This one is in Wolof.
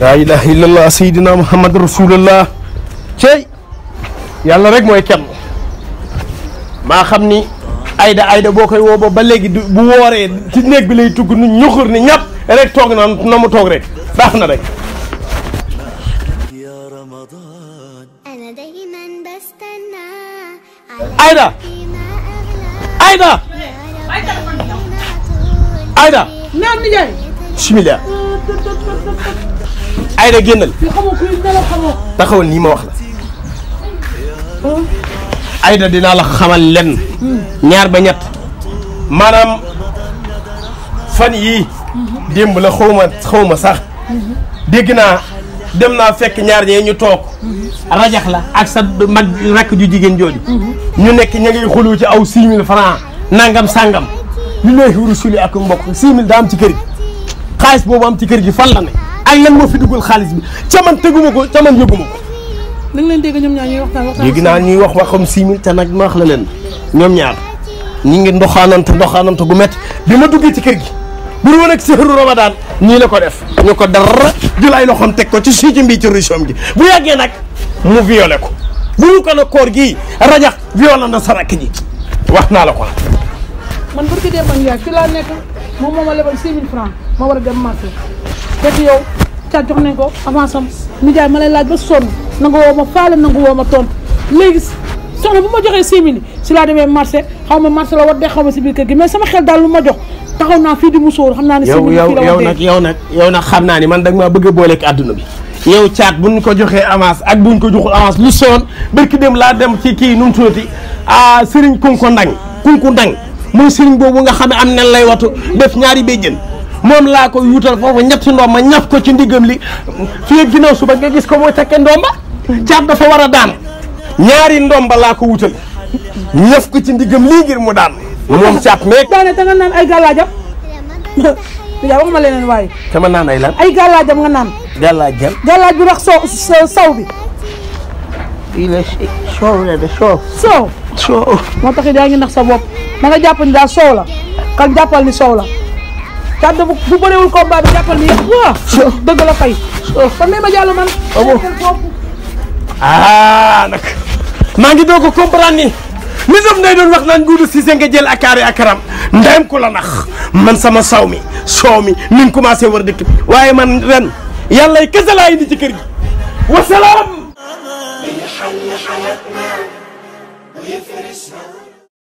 laa ilaha illallah sayyidina muhammad rasulullah cey yàlla rek mooy kenn maa xam ni ayda ayda boo koy woo ba ba léegi bu wooree ci néeg bi lay tugg nu ñuxur ni ñàpp rek toog na na mu toog rek baax na rek ayda ayda Aida. naan nijaay. bismillah. nii ma wax la. Aida dinaa la xamal len ñaar ba ñett. maanaam fan yi démb la xaw ma sax. dégg naa dem naa fekk ñaar ñee ñu toog. rajax la ak sa mag rakk ju jigéen jooju. Mhm. ñu nekk ña ngi ci aw six mille nangam sangam. lillahi wa rasuli ak mbokk six mille daa ci kër gi xaalis boobu am ci kër gi fan la ne ak lan moo fi dugal xaalis bi ca man teguma ko ca man yëguma ko da nga leen dégg ñoom ñaar ñuy naa ñuy wax waxam six mille te nag ma la leen ñoom ñaar ñi ngi ndoxaanante ndoxaanante gu métti bi ma duggee ci kër gi bur woon ak seeru ramadan nii la ko def ñu ko dara jël ay loxoom teg ko ci sii bi mbii ci rusom gi bu yàggee nag mu violé ko ko na koor gii rajax violé na sarak ji wax naa la ko man barki dee man yaay fi laa nekk moom moo ma lebal 6000 francs ma war a dem marché fekk yow caa jox nañ ko avance am nijaay ma lay laaj ba sonn nangu woo ma faale nangu woo ma tontu léegi soxna bu ma joxee 6000 si laa demee marché xaw ma marché la war dee xaw ma si biir kër gi mais sama xel daal lu ma jox taxaw naa fii di musóor xam naa ne. 6000 yow yow nag yow nag yow nag xam naa ni man dag maa bëgg a booleeg àdduna bi. yow caat buñ ko joxee avance ak buñ ko joxul avance lu soon laa dem ci kii nu mu tuddati ah Serigne Kunko Ndang Kunko Ndang muy sëriñ boobu nga xam ne am nen lay watu def ñaari béjjën moom laa koy wutal foofu ñetti ndomba ñaf ko ci ndiggam li fii ginnaaw suba nga gis ko moo mooy takke ndomba caat dafa war a daan ñaari ndomba laa ko wutal ñaf ko ci ndiggam lii ngir mu daan moom caat meeg daane da nga naan ay gàllaajam yaa wax ma leneen waaye dama naan ay lan ay gàllaajam nga naan gàllaajam gàllaaj bi rax so saw bi fii la soow la de soow. soow soow. moo tax it yaa ngi nax sa bopp na nga jàpp ni daal soow la kan jàppal ni soow la Thiat bu bu bëriwul combat bi jàppal ni yëpp waa. soow dëgg la fay. soow kon may ma jàll man. amoo ah nag maa ngi doog a comprendre ni. li dof nday doon wax naan Doudou Cissé nga jël akaari akaram ndeyam ku la nax man sama saw mi soow mi mi ngi commencé war dëkk bi waaye man ren yàlla kese laa indi ci kër gi wasalaam. حي حياتنا ويفرسنا